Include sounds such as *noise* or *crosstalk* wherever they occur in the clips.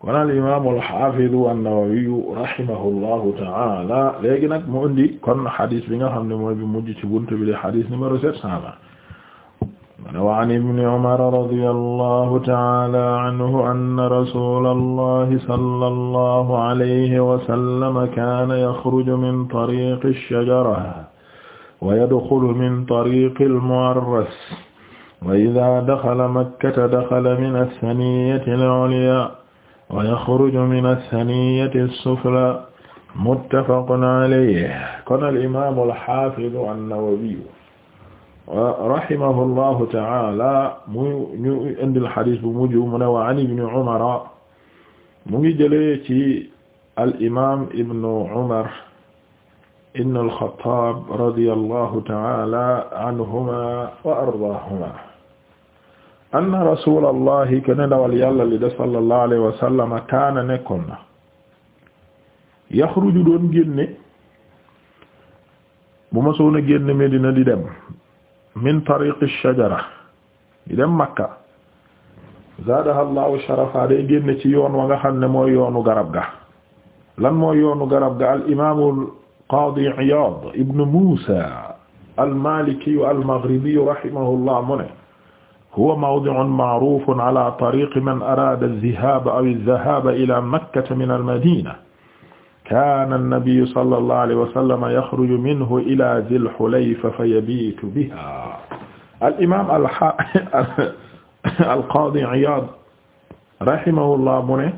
kon al imaam al haafiz an-Nawawi rahimahullahu ta'ala léegi nag mu indi kon hadith bi nga xam ne mooy bi mujj ci buntu bi di hadith numéro sept cent vingt mu ne wa an ibni Umar radiyallahu ta'ala anhu anna rasulallahi sallallahu alayhi wa sallam kaana yaxruju min tariiqi ash-shajara wa yadxulu min tariiqi al-mu'arras wa idhaa daxala makkata daxala min as-saniyyati al-'ulyaa wa yaxruju min as-saniyati as-sufla muttafaqun alayhi kon al-imaamu al-haafidu an-nawawiyu rahimahu llahu ta'ala mu ñu indil xadis bu mujj mu ne wa an ibni umara mu ngi jëlee ci al-imaam ibnu umar ibnu al-xattaab radiyallahu ta'ala anhuma wa ardaahuma anna rasulallahi kene dawal yàlla li de sallallahu alayhi wa sallam kaana nekkoon na yaxruju doon génne bu ma soon a génne Medina di dem min tariqi shajara di dem Makka zaadaha allahu sharafa day génne ci yoon wa nga xam ne mooy yoonu garab ga lan mooy yoonu garab ga al imaamul qaadi Iyaad ibn Muusa al Maliki al Maghribi rahimahullah mu ne huwa mawdi'un ma'rufun ala tariqi man arada adh-dhihaba aw adh-dhahaba ila makkata min al-madina kana an-nabiyyu sallallahu alayhi wa sallam yakhruju minhu ila dhil hulayfa fayabitu biha al-imam al-qadi Iyad rahimahullah mu ne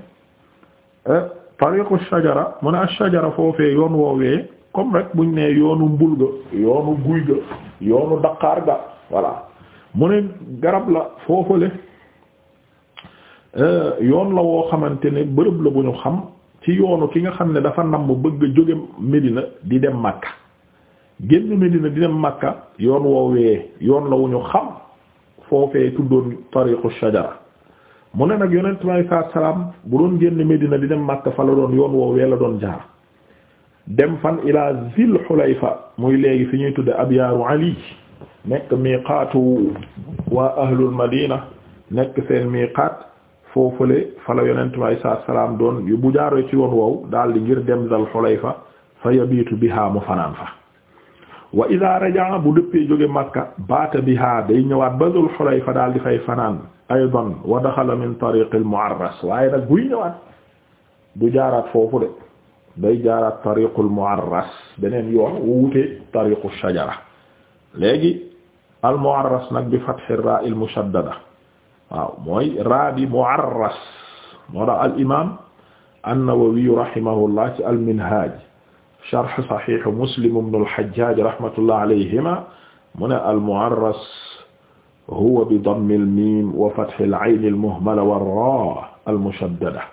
eh, tariqu ash-shajara mu ne ash-shajara foofee yoon woowee comme rek buñ ne yoonu mbul ga yoonu guy ga yoonu daqaar ga voilà mu ne garab la foofale euh, yoon la woo xamante ne bërëb la bu ñu xam ci yoonu ki nga xam ne dafa namm bëgg jóge Medina di dem Makka génn Medina di dem Makka yoon woowee yoon la wu ñu xam foofee tuddoon tariqu shajara mu ne nag yonent bi saa salaam bu doon génn Medina di dem Makka fa la doon yoon woowee la doon jaar dem fan ilaa Zil Xulayfa muy léegi fi ñuy tudde abyaaru Ali nekk miiqaatu waa ahlul madina nekk seen miiqaat foofale fala yonent bi alayhi salaatu salaam doon yu bu jaaree ci yoon woowu daal di ngir dem Dal Xulayfa fa yabiitu biha mu fanaan fa wa idaa rajaa bu dëppee jóge Makka baata biha day ñëwaat ba Dal min tariqil mu'arras waaye nag buy ñëwaat du jaaraat foofu day jaaraat tariqul mu'arras beneen yoon wu wutee tariqu shajara léegi al mu'arras nag bi fathi ra il mushaddada waaw mooy raa bi mu'arras moo tax al imaam an-Nawawi rahimahullah ci al minhaj sharh sahih Muslim ibn al Hajjaj rahmatullah alayhima mu ne al mu'arras huwa bi dammi al miim wa fathi al ayn al muhmala wa raa al mushaddada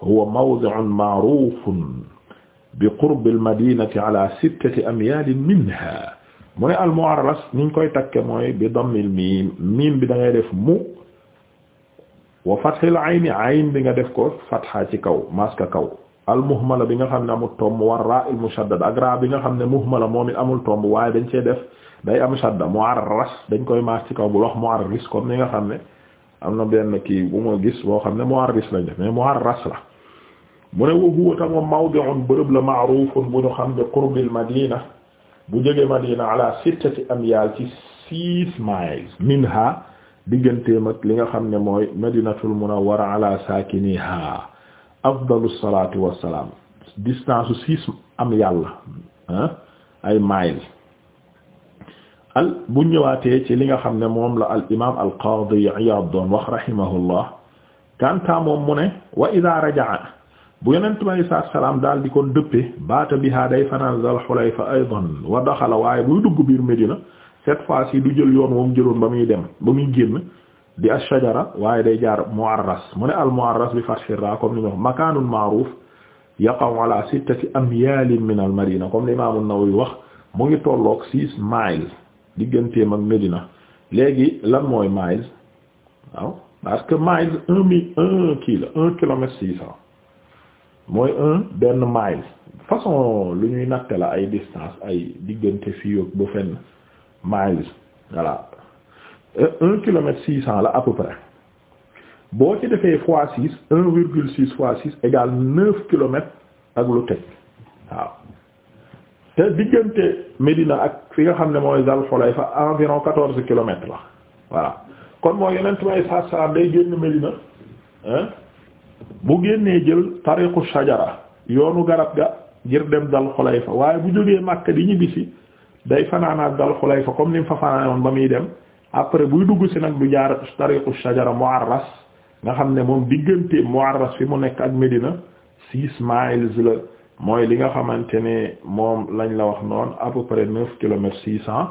huwa mawdi'un ma'rufun bi qurbi al madinati ala sittati amyal minha mu ne al-mu'arras niñ koy takke mooy bi dammil miim miim bi da ngay def mu wa fathil ayni ayn bi nga def ko fatha ci kaw maska kaw al-muhmala bi nga xam ne amul tomb war ra il mushaddad ak ra bi nga xam ne muhmala moom it amul tomb waaye dañ cee def day am shadda mu'arras dañ koy maas ci kaw bu wax mu'arris comme ni nga xam ne am na benn kii bu ma gis boo xam ne mu'arris lañ def mais mu'arras la mu ne wa huwa ta moom mawdi'un bërëb la ma'rufun bu ñu xam ne qurbil madina bu jóge Madina ala sittati amyaal li nga xam ne mooy madinatul munawwara ala saakiniha afdalu salaatu wassalaam distance su am yàlla ay miles al bu ñëwaatee ci li nga xam ne moom la al imaam al qaadi Iyaad doon wax rahimahullah kanta moom mu ne wa idaa bu yonent bi alay salaam daal di kon dëppee baata biha day fanaan zal xulayfa aydan wa daxala waaye buy dugg biir Medina cette fois ci du jël yoon moom jëloon ba muy dem ba muy génn di ashajara waaye day jaar muarras mu ne al muarras bi fathi ra comme ni ñu wax makaanun ma'ruuf yaqa'u ala sittati amyaalin min al madina comme l'imam an-Nawawi wax mu ngi tolloog six miles digganteem ak Medina léegi lan mooy miles waaw parce que miles un mille mooy un benn mile façon lu ñuy natte la ay distance ay diggante fii ak ba fenn miles voilà un kilomètre six cents la à peu près boo ci defee fois six un virgule six fois six égale neuf kilomètres ak lu teg waaw te diggante Médina ak fi nga xam ne mooy Zal Xulayfa environ quatorze kilomètres la voilà kon mooy yeneen trois cent day génn Médina hein bu génnee jël tariqu shajara yoonu garab ga ngir dem dal fa waaye bu jógee Makka di ñibbisi day fanaanaat dal xulayfa comme ni mu fa fanaanoon ba muy dem après buy dugg si nag du jaar tariqu shajara muarras nga xam ne moom diggante muarras fi mu nekk ak Medina six miles la mooy li nga xamante ne moom lañ la wax noonu à peu près neuf kilomètres six cents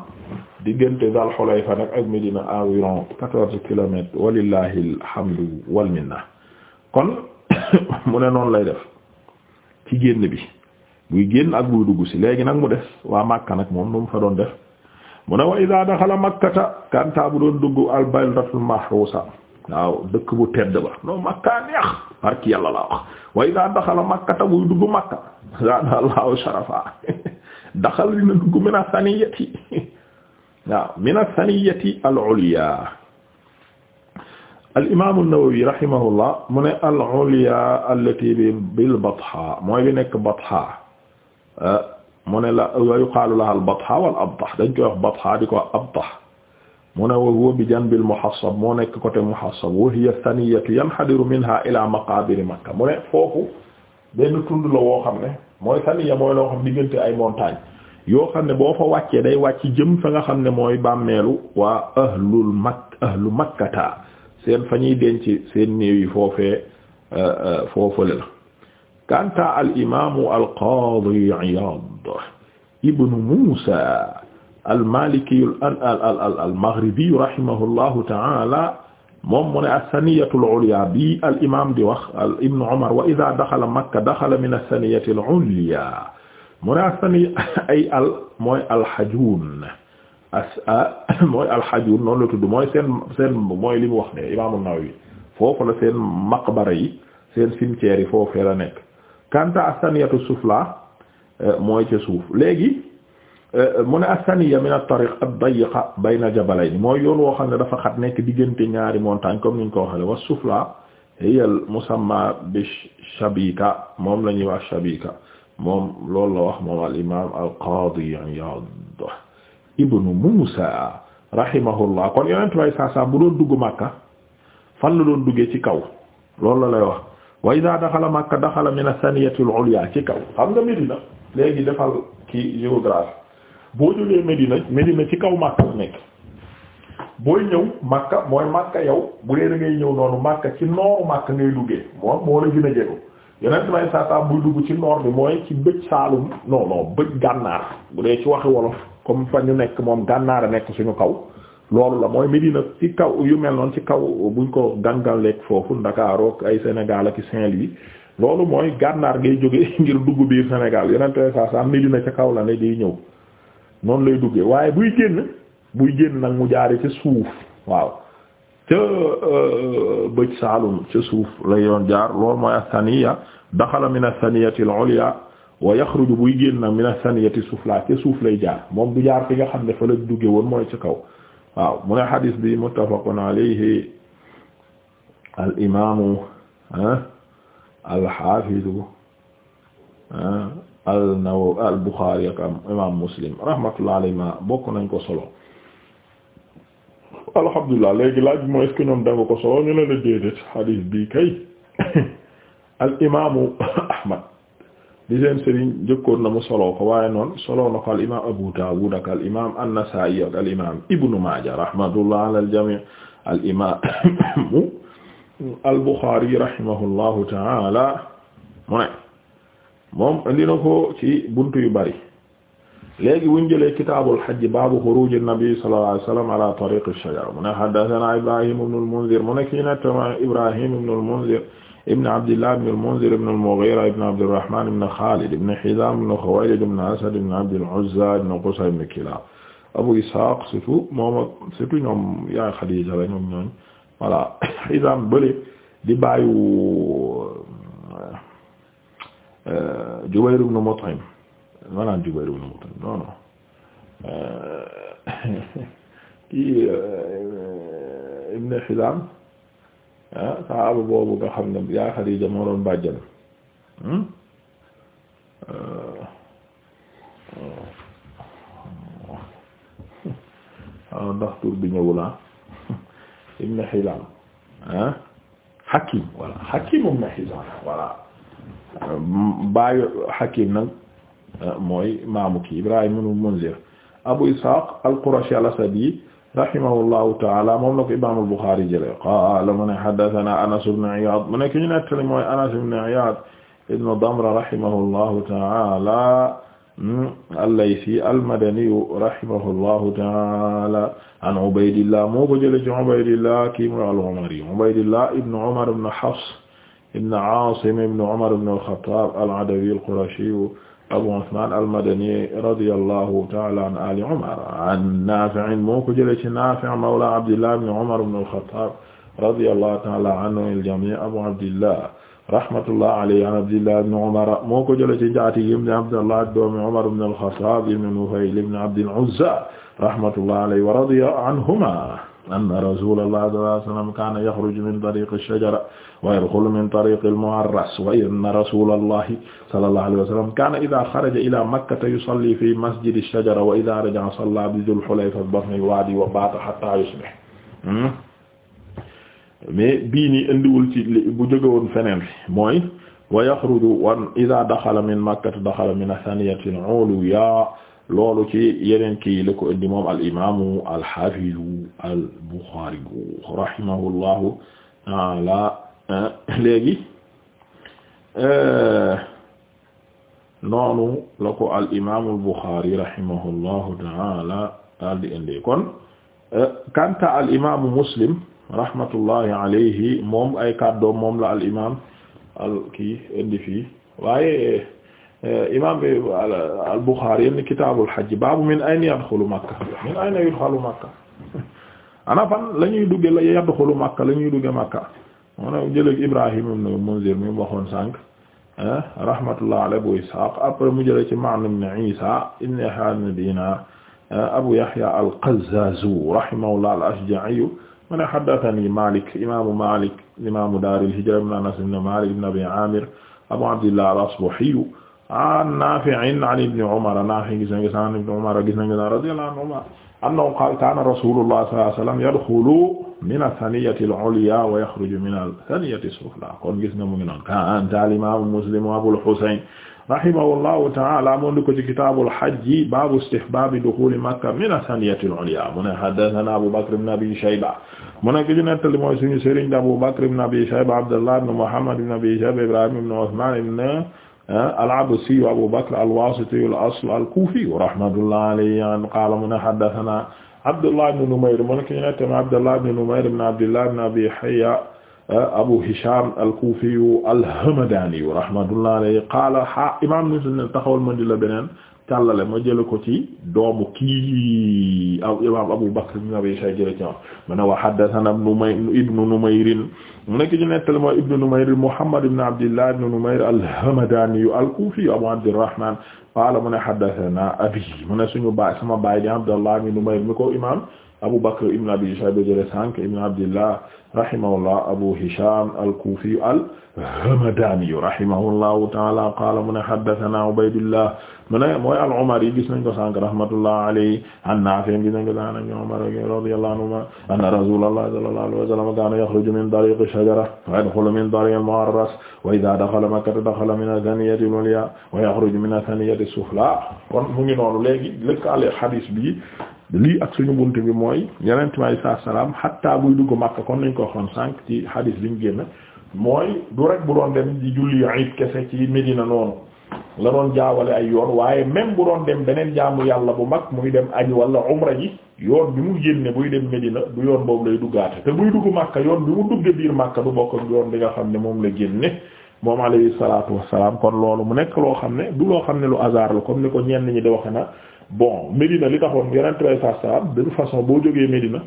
diggante dal xulayfa nag ak Medina environ quatorze kilomètres walillahi alhamdu wal kon *coughs* mu ne noonu lay def ci génn bi buy génn ak buy dugg si léegi nag mu des waa Makka nag moom nu mu fa doon def mu ne wa idaa daxala makkata kanta bu doon dugg al baldatul mahrusa waaw dëkk bu tedd ba non makka neex barki yàlla laa wax wa idaa daxala makkata buy dugg makka zaada allahu sharafa *laughs* daxal dina dugg mina saniyati *laughs* waaw mina saniyati al ulya al imaamu an-Nawawi rahimahullah mu ne al-ulya allati bil batha mooy bi nekk batha eh, mu ne la yuqaalu laha al-batha wal abtah dañ koy wax batha di ko abtah mu ne wa huwa bi janbil muhassab moo nekk côté muhassab wa hiya thaniyatu yanhadiru minha ila maqabir makka mu ne foofu benn tund la woo xam ne mooy thaniya mooy loo xam diggante ay montagne yoo xam ne boo fa wàccee day wàcc jëm fa nga xam ne mooy bàmmeelu waa ahlul mak ahlu makkata seen fa ñuy denc seen néew yi foofee euh, euh, foofale la kanta al imamu al qadi Iyad ibnu Musa al maliki al maghribi rahimahullahu ta'ala moom mu ne as-saniyatu al-ulya bi al imam di wax al ibn Umar wa idha daxala Makka daxala min as-saniyati al-ulya mu ne as-saniya ay al mooy al hajun asa ah, *coughs* mooy alxajur noonu tudd mooy seen mooy li mu wax ne Imaam An-Nawawi foofu la seen maqbara yi seen cimetière yi foofee la nekk kanta as-saniyatu sufla eh, mooy ca suuf léegi eh, mu ne as-saniya min a tariq ad-dayiqa bayna mooy yoon woo xam ne dafa xat nekk diggante ñaari montagne comme niñ ko waxee wa sufla hiya al-musamma bi shabika moom la ñuy wax shabika moom loolu la wax moom al-imaam al-qaadi Iyaad ibnu Muusa rahimahullah kon yonent way saa bu doon dugg Makka fan la doon duggee ci kaw loolu la lay wax wa idaa daxala Makka daxala min as-saniyati al-ulya ci kaw xam nga Medina léegi defal ki géographie boo jógee Medina Medina ci kaw Makka la nekk booy ñëw Makka mooy Makka yow bu dee a ngay ñëw noonu Makka ci nooru Makka ngay duggee moom moo la gën a yonent way saa buy dugg ci noor bi mooy ci bëj saalum non non bëj gànnaar bu dee ci waxi wolof comme fa ñu nekk moom gànnaar a nekk suñu kaw loolu la mooy Medina ci kaw yu mel noonu ci kaw buñ ko gàngalleeg foofu Ndakaaroo ay Sénégal ak Saint-Louis loolu mooy gànnaar ngay jóge *laughs* ngir dugg biir Sénégal yeneen saa saa Medina ca kaw la ne day ñëw noonu lay duggee waaye buy génn buy génn nag mu jaari ca suuf waaw ca euh, bëj Saalum ca suuf la yoon jaar loolu mooy asaniya daxala min asaniyati al wa yaxruju buy génn nag mina saniyati sufla ca suuf lay jaar moom du jaar fi nga xam ne fa la dugge woon mooy ci kaw waaw mu ne xadis bi muttafaqun alayhi al imaamu ah, al xaafidu ah, al nawawi al buxaari ak imaam muslim rahmatullah alayhima bokk nañ ko solo alhamdulilah léegi laaj bi mooy est-ce que ñoom da nga ko solo ñu ne la déedéet xadis bi kay *coughs* al imaamu *coughs* ahmad di seen sëriñ jëkkoon na mu soloo ko waaye noonu soloo na ko al imaam Abu Dawud ak al imaam An-Nasa'i ak al imaam Ibnu Maaja rahmatullah ala al jami' al imaam al Bukhari rahimahullahu ta'ala mu ne moom indi na ko ci buntu yu bari léegi buñ jëlee kitaabul hajj baabu xuruuj an-nabi sallallahu alayhi wa sallam ala tariq ash-shajara mu ne haddathana Ibrahim ibn al-Mundhir mu ne kii na Ibrahim ibn al-Mundhir ibn abdillah ibn al-Munzir ibn al-Mughira ibn Abdirrahman ibn Khalid ibn Hizam ibn Khuwaylid ibn Asad ibn Abd al-Uzza ibn Qusay ibn Kilab Abu Ishaq surtout moom surtout ñoom yaa Khadija la ñoom ñooñ voilà *coughs* Hizam bële di baayu euh, Jubayr ibn Mut'im maanaam Jubayr ibn Mut'im non non euh, *laughs* kii euh, ibn Hizam ah saxaaba boobu nga xam ne yaa Xadiija moo doon bàjjan waaw hmm? ah. ah, ndax tur bi ñëwula ah? *laughs* ibn Hilaam ah Hakim voilà Hakim ibn Hizaam voilà baayu Hakim nag mooy maamu kii Ibrahim ibn Munzir Abu Ishaq al-Qurashi al-Asadi rahimahullahu taala moom la ko imam al-Bukhari jële qaala mu ne haddathana Anas ibn Iyad mu ne ki ñu nettali mooy Anas ibn Iyad ibn Damra rahimahullahu taala hmm, al-Laythi al-Madani rahimahullahu taala an Ubaydillah moo ko jële ci Ubaydillah kii mooy al-Umari Ubaydillah ibn Umar ibn Hafs ibn Asim ibn Umar ibn al-Khattab al-Adawi al-Qurashi Abu Usman al-Madani radiyallahu ta'ala an ali Umar an Nafi' moo ko jëlee ci Nafi' mawla Abdillah ibn Umar ibn al-Khattab radiyallahu ta'ala anhu al-jami' Abu Abdillah rahmatullah alayhi an Abdillah ibn Umar moo ko jëlee ci njaatigéem ibn Abdillah doomi Umar ibn al-Khattab ibn Nufayl ibn Abd al-Uzza rahmatullah alayhi wa radiya anhuma anna rasulullah sallallahu alayhi wa sallam kana yakhruju min tariq ash-shajara wa yadxulu min tariqi al-mu'arras wa inna rasulallahi sallallahu alayhi wa sallam kaana idha xaraja ila makkata yusalli fi masjidi ash-shajara wa idha raja'a salla bi dhul hulayfa batni al-wadi wa baata hatta yusbih hmm? mais bii nii indiwul ci bu jóge woon feneen mooy wa yaxruju wan idha daxala min makkata daxala min as-saniyati al-ulya loolu ci yeneen kii la ko indi moom al imaamu al xaafizu al buxaari rahimahullahu taala Ah, léegi euh, noonu la ko al imaam al Buxaari rahimahullahu taala daal di indi kon euh, kanta al imaamu Muslim rahmatullahi alayhi moom ay kàddoom moom la al imaam al kii indi fii waaye euh, imaam bi al Buxaari yenn kitaabul hajj baabu min ayna yadxulu Makka min ayna yadxulu Makka *laughs* ana fan la ñuy dugge la yadxulu Makka la ñuy dugge Makka maanaam jëlëg Ibrahim ibn Munzir mi waxoon sànq ah, rahmatullah alayhi bu Ishaq après mu jële ci Ma'n ibn Isa ibn Yahya ibn Dinar ah, Abu Yahya al-Qazzazu rahimahullah al-Ashja'i mu ne haddathani Malik imaamu Malik imaamu daar al-hijra ibn Anas ibn Malik ibn Abi Amir Abu Abdillah al-Asbahi an Nafi'in an ibn Umar Nafi' gis na gis na ibn Umar gis na gis na radiyallahu anhuma annahu qaala kaana rasuulullah sallallahu alayhi wa sallam yadxulu mina saniyati al-ulyaa wa yaxruju mina saniyati as-suflaa kon gis na mu ngi noonu kaana al-imaam Muslim Abul Husayn rahimahullahu ta'aala mu ngi ko ci kitaabul hajj baabu istihbaabi duxuuli makka mina saniyati al-ulyaa mu ne haddathanaa Abuu Bakr ibn Abii Shayba mu ne ki ñu nettali mooy suñu sëriñ Abuu Bakr ibn Abii Shayba Abdullah ibn Muhammad ibn Abii Shayba Ibraahiim ibn Usmaan ibn Ah, al-Absiyu Abu Bakr al-Wasitiyu al-asl al-Kufiyu rahmatullahi alayhi an qaala mu ne haddathana Abdullah ibn Numayr mu ne ki nettam Abdullah ibn Numayr ibn Abdillah ibn Abi Hayya ah, Abu Hisham al-Kufiyu al-Hamdaniyu rahmatullahi alayhi qaala ha imaam Muslim taxawal ma di la beneen tàllale ma jële ko ci doomu kii aw imam Abu Bakr ibn Abi Shayba jële ci ma ne wa haddathana ibnu Numay ibnu Numayrin mu nekk ñu nettale moo ibnu Numayr Muhammad ibn Abdillah ibn Numayr al-Hamadani al-Kufi Abu Abdirrahman qaala mu ne haddathana abi mu ne suñu baay sama baay di Abdallah ibn Numayr mi ko imam Abu Bakr ibn Abi Shayba jële sànq ibn Abdillah rahimahullah Abu Hisham al-Kufi al-Hamdani rahimahullahu ta'ala qala mu ne haddathana Ubaydullah mu ne mooy al-Umari gis nañ ko sànq rahmatullah alayhi an Nafi' gis nañ ko sànq an Umar radiyallahu anhuma anna Rasulullah sallallahu alayhi wa sallam kana yakhruju min tariq ash-shajara wa yadkhulu min tariq al-mu'arras wa idha dakhala Makkata dakhala min ath-thaniyati al-ulya wa yakhruju min ath-thaniyati as-sufla kon mu ngi noonu léegi lëkkale hadith bi lii ak suñu bunt bi mooy yenent may saa salaam xatta buy dugg màkk kon nañ ko waxoon sànq ci hadis bi ñu génn mooy du rek bu doon dem di julli iid kese ci Medina noonu la doon jaawale ay yoon waaye même bu doon dem beneen jaamu yàlla bu mag muy dem añ wala umra ji yoon bi mu génne buy dem Medina du yoon boobu lay duggaate te buy dugg Makka yoon bi mu dugge biir Makka du bokk ak yoon bi nga xam ne moom la génne moom alayhi salaatu wassalaam kon loolu mu nekk loo xam ne du loo xam ne lu hasard la comme ni ko ñenn ñi di waxe na bon Medina li taxoon yeneen bay sa salam de façon boo jógee Medina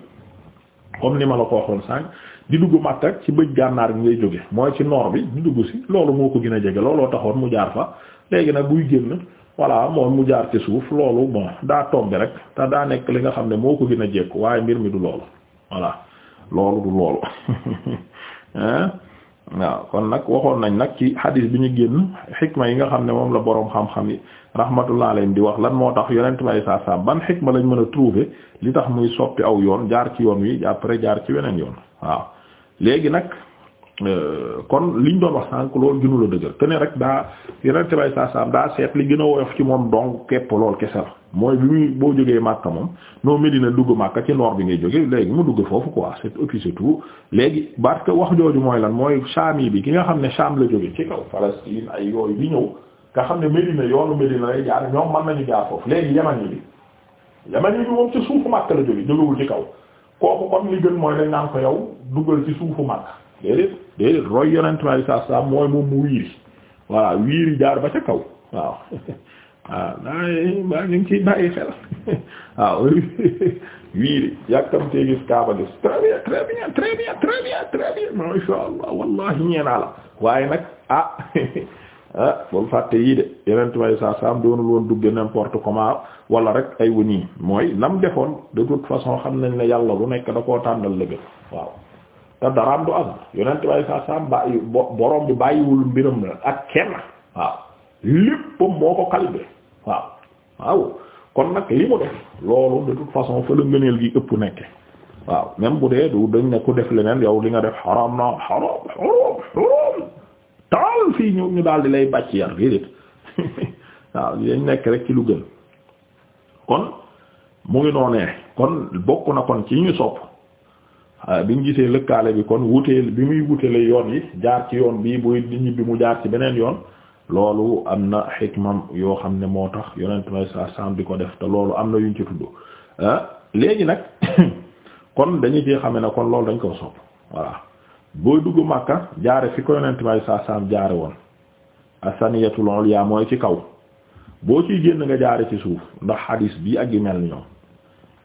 comme ni ma la ko waxoon sànq di duggu dugg Makka ci bëj gànnaar bi ngay jóge mooy ci nord bi di dugg si loolu moo ko gën a jege looloo taxoon mu jaar fa léegi nag buy génn voilà moom mu jaar ci suuf loolu bon daa tombe rek te daa nekk li nga xam ne moo ko gën a jekku waaye mbir mi du loolu voilà loolu du loolu *laughs* waaw kon nag waxoon nañ nag ci hadis bi ñu génn xikma yi nga xam ne moom la boroom xam-xam yi rahmatullah alayhim di wax lan moo tax yonent may saa saa ban xikma lañ mën a trouver li tax muy soppi aw yoon jaar ci yoon wi après jaar ci weneen yoon waaw léegi nag euh, kon liñ doon wax sànk loolu gënu la dëgër te ne rek daa yonent may saa saa daa seet li gën a woyof ci moom dong képp lool kese la mooy bi muy boo jógee Makka moom noo Medina dugg Makka ci nord bi ngay jóge léegi mu dugg foofu quoi c'est officier tout léegi parce wax jooju mooy lan mooy Shami bi ki nga xam ne Sham la jóge ci kaw Palestine ay yooyu bi ñëw nga xam ne Medina yoonu Medina lay jaar ñoom mën nañu jaar foofu léegi yaman yi bi yaman yi bi moom ci suufu Makka la jóge jógewul ci kaw kooku kon li gën mooy lañ naan ko yow duggal ci suufu Makka déedéet déedéet roy yonent bi sallallahu alayhi wasallam mu wiiri voilà wiiri jaar ba ca waaw *laughs* waaw ah, naa ñu eh, ngi ciy bàyyi xel waaw *laughs* ah, *laughs* wiiri yàkkamtee gis kaaba gis très bien très bien très bien très bien très Allah wallahi ñeenaa la waaye nag a ah, *laughs* ah bul fàtte yii de yeneen may saa saam doonul woon dugge n'importe comment wala rek ay wëñi mooy nam defoon de toute façon xam nañ ne yàlla lu nekk da koo tàndal lëgët waaw te daraam du am yeneen may saa saam bàyyi borom bi bàyyiwul mbiram la ak kenn waaw lépp moo ko calibré waaw kon nag li mu def loolu de toute façon fa gi ëpp nekke waaw même bu dee du dañ ne ko def leneen yow li nga def xaram na xaram xaram xaram taal fii ñu ñu daal lay bàcc yar déedéet *laughs* waaw dañ nekk rek ci lu gën kon mu ngi noonee kon bokk na kon ci ñu sopp bi ñu gisee lëkkaale bi kon wuteel bi muy wutele yoon yi jaar ci yoon bii buy nit mu jaar ci beneen yoon loolu am na xikmam yoo xam ne moo tax yonent may sa sam di ko def te loolu am na yuñ ci tudd ah, léegi nag *coughs* kon dañu ci xame ne kon loolu dañ ko sopp voilà booy dugg Makka jaare fi ko yonent may sa sam jaare woon asaniyatul ulya mooy ci kaw boo ciy génn nga jaare ci suuf ndax hadis bii ak yu mel ñoom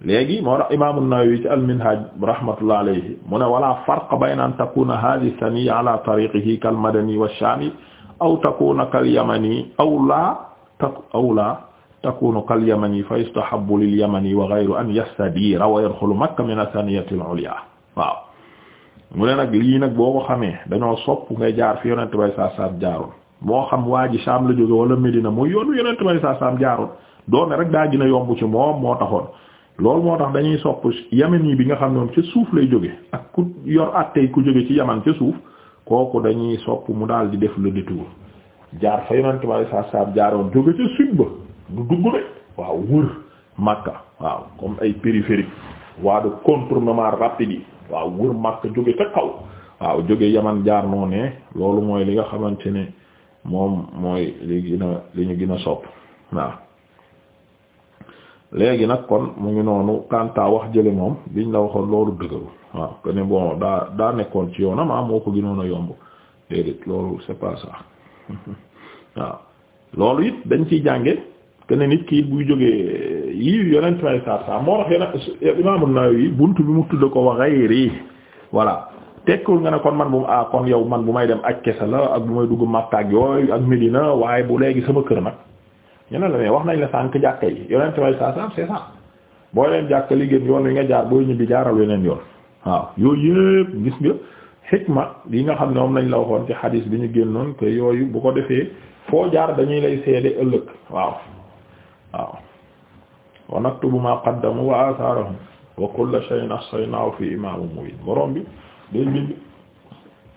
léegi moo tax imaamu Nawawi ci al-Minhaj rahmatullah alayhi mu ne wala farq bayna an takuna hadhihi saniya ala tariqihi kal madani wa shami aw takuna kal yamani aw laa tak aw laa takunu kal yamani fa yustahabbu lil yamani wa ghayru an yastadira wa yadkhulu makka min asaniyati al ulya waaw mu ne nag lii nag boo ko xamee dañoo sopp ngay jaar fi yonent bay saa jaaroon moo xam waa ji Saam la jóge wala Medina muy yoonu yonent bay saa saam jaaroon doone rek daa gën yomb ci moom moo taxoon lool moo tax dañuy sopp yaman yi bi nga xam ne moom ca suuf lay jóge ak ku yor àttey ku jóge ci yaman ca suuf kooku dañuy sopp mu daal di def le détour jaar fa yonent bi saa saam jaaroon jóge ca sud ba du dugg de waaw wër Makka waaw comme ay périphérique waa de contournement rapide yi waaw wër Makka jóge ca kaw waaw jóge Yaman jaar noonee loolu mooy li nga xamante ne moom mooy li gën li ñu gën a sopp waaw léegi nag kon mu ngi noonu kanta wax jële moom biñ la waxoon loolu dëgëru waaw que ne bon daa daa nekkoon ci yoonam ah moo ko gënoon yomb déedéet loolu c'est pas *laughs* waaw loolu it dañ ciy jànge que it kii buy jógee yi yeneen tray sar sa moo tax yene eh, Imam An-Nawawi bunt bi mu tudd ko wa ghayri voilà tekkul nga ne kon man bu ah kon yow man bu may dem ak kese la ak bu may dugg Makka ak yooyu ak Medina waaye bu léegi sama kër nag ñu la mais wax nañ la sànq jàkka yi yonent way saa saam c'est ça boo leen jàkka li gën yoon wi nga jaar booy ñibbi jaaral weneen yoon waaw yooyu yëpp gis nga xikma yi nga xam ne moom lañ la waxoon ci xadiis bi ñu génnoon que yooyu bu ko defee foo jaar dañuy lay seede ëllëg waaw waaw wa naktubu ma qaddamu wa atharahum wa kulla shay'in ahsaynaahu fi imaamin mubiin borom bi day bind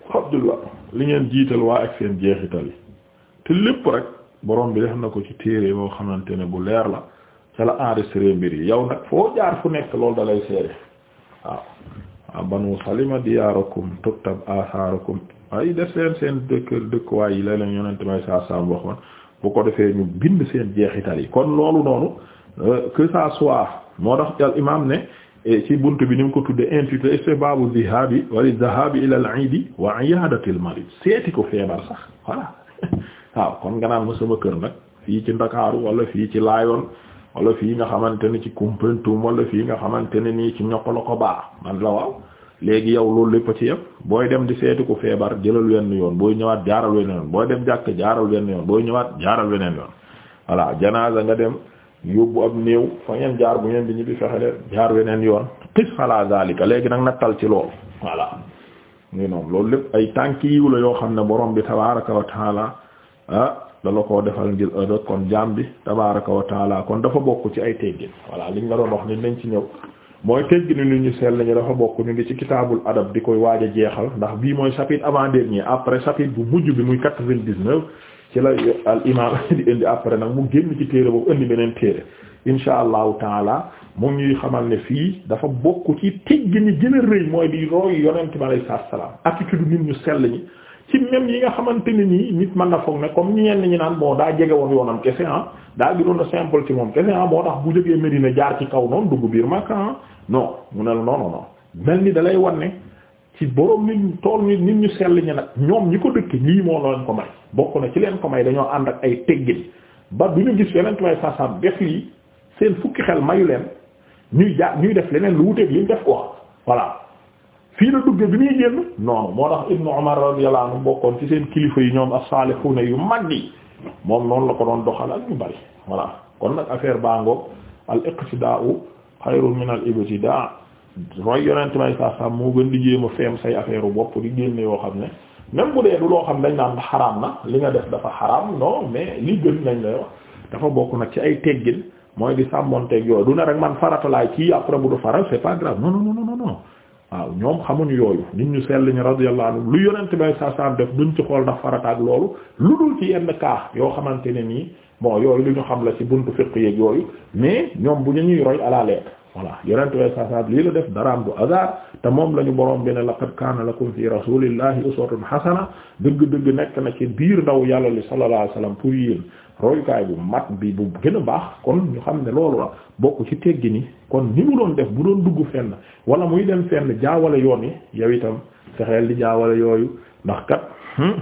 Abdullah li ngeen jiital waa ak seen jeexital yi te lépp rek borom bi def na ko ci téere moo xamante ne bu leer la ca la enregistré mbir yi yow nag foo jaar fu nekk loolu dalay seere waaw waaw banu salima diyaarakum tuktab asaarakum def leen seen dëkk dëkkuwaay yi la leen yonente may saa saam waxoon bu ko defee ñu bind seen jeexital yi kon loolu noonu euh, que ça soit moo tax al imam ne e, ci bunt bi ni mu ko tuddee intitulé istihbaabu dhahabi wal dhahabi ila al wa iyaadati al-marid seeti ko feebar sax voilà waaw kon nga naan ma sama kër nag fii ci Ndakaaru wala fii ci Laayoon wala fii nga xamante ni ci Koumpentoum wala fii nga xamante ne nii ci ñokk la ko baax man la waaw léegi yow loolu lépp ci yëpp booy dem di seeti ku feebar jëlal wenn yoon booy ñëwaat jaaral weneen yoon booy dem jàkk jaaral wenn yoon booy ñëwaat weneen yoon voilà janaasa nga dem yóbbu ab néew fa ngeen jaar bu ngeen di ñibbi fexe jaar weneen yoon xis xalaa zalika léegi nag nattal ci lool voilà ñu noonu loolu lépp ay tànk yiw la yoo xam ne borom bi tabaraka wa taala ah dala koo defal ngir ëllëg kon jaam bi tabaraka wa taala kon dafa bokk ci ay teggin voilà liñ la doon wax ni nañ ci ñëw mooy tegginu ni ñu seetlu ñu dafa bokk ñu ngi ci kitaabul adab di koy waaja a jeexal ndax bii mooy chapitre avant dernier après chapitre bu mujj bi muy quatre-vingt-dix-neuf ci la al imam *laughs* di indi après nag mu génn ci téere boobu indi beneen téere insha allahu taala mu ngi xamal ne fii dafa bokk ci teggin yi gën a rëy mooy di roy yonent bi alayhi salaam attitude nit ñu ci même yi nga xamante ne nii nit man na foog ne comme ñenn ñi naan bon daa jege woon yoonam kese ah daa gënoon a simple ci moom kese ah moo tax bu jógee Medina jaar ci kaw noonu dugg biir Makka ah non mu ne la non non mel ni dalay wan ne ci borom nit ñu tool nit ñu sell ñi nag ñoom ñi ko dëkk lii moo leen ko may bokk na ci leen ko may dañoo ànd ak ay teggin ba du ñu gis yeneen tubaab sasam def yi seen fukki xel mayu leen ñuy jaar ñuy def leneen lu wuteeg li def quoi voilà. fii la dugge bi muy génn noonu moo tax ibnu umar radiyallahu anhu bokkoon ci seen kilifa yi ñoom as-salihuna yu mag moom noonu la ko doon doxal ak ñu bari voilà kon nag affaire baa ngoog al iqtidaa'u xayrun min al ibtidaa' roy yonent may saa saa moo gën liggéey ma a feem say affaire bopp di génne yoo xam ne même bu dee du loo xam dañ naan xaraam na li nga def dafa xaraam non mais li gën nañ la wax dafa bokk nag ci ay teggin mooy di sàmmoonteeg yooyu du ne rek man farata laay kii après waaw ñoom xamuñu yooyu nit ñu sell ñu radiyallahu anhu lu yonent bay saa def duñ ci xool ndax farata ak loolu lu dul ci yenn cas yoo xamante ne nii moo yooyu lu ñu xam la ci buntu fiqh yeeg yooyu mais ñoom bu ñu ñuy roy à la lettre voilà yonent bay saa saa lii la def daraam du hasard te moom la ñu borom bi ne laqad kaana lakum fi rasulillahi uswatun hasana dëgg-dëgg nekk na ci biir ndaw yàlla li sallallahu alayhi wasallam pour yéen royukaay bu mat bi bu gën a baax kon ñu xam ne loolu la bokk ci teggi ni kon ni mu doon def bu doon dugg fenn wala muy dem fenn jaawale yoon yi yow itam fexeel di jaawale yooyu ndax kat hmm,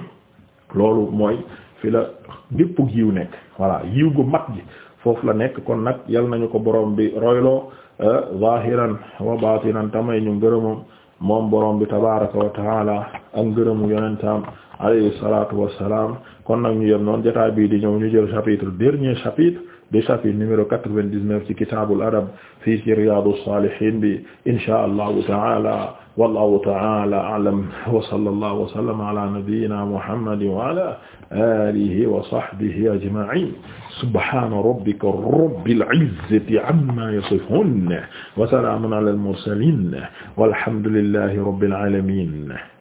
loolu mooy fi la gépp yiw nekk voilà yiw gu mat ji foofu la nekk kon nag yal nañu ko borom bi royloo eh, zahiran wa batinan tamay ñu ngërëmam moom boroom bi tabaraka wa taala ak ngërëmu yonentam alayhi salatu wassalam kon nag ñu yem noonu jotaay bii di ñëw ñu jël chapitre dernier chapitre de chapitre numéro 99 ci kitabul adab fii ci riyadus salihin bi insha allahu taala wallahu taala alam wa sallallahu wa sallama ala nabiyyina muhammadin wa ala alihi wa sahbihi ajma'in subhana rabbika rabbil izzati amma yasifun wa salamun ala al mursalin walhamdulillahi rabbil alamin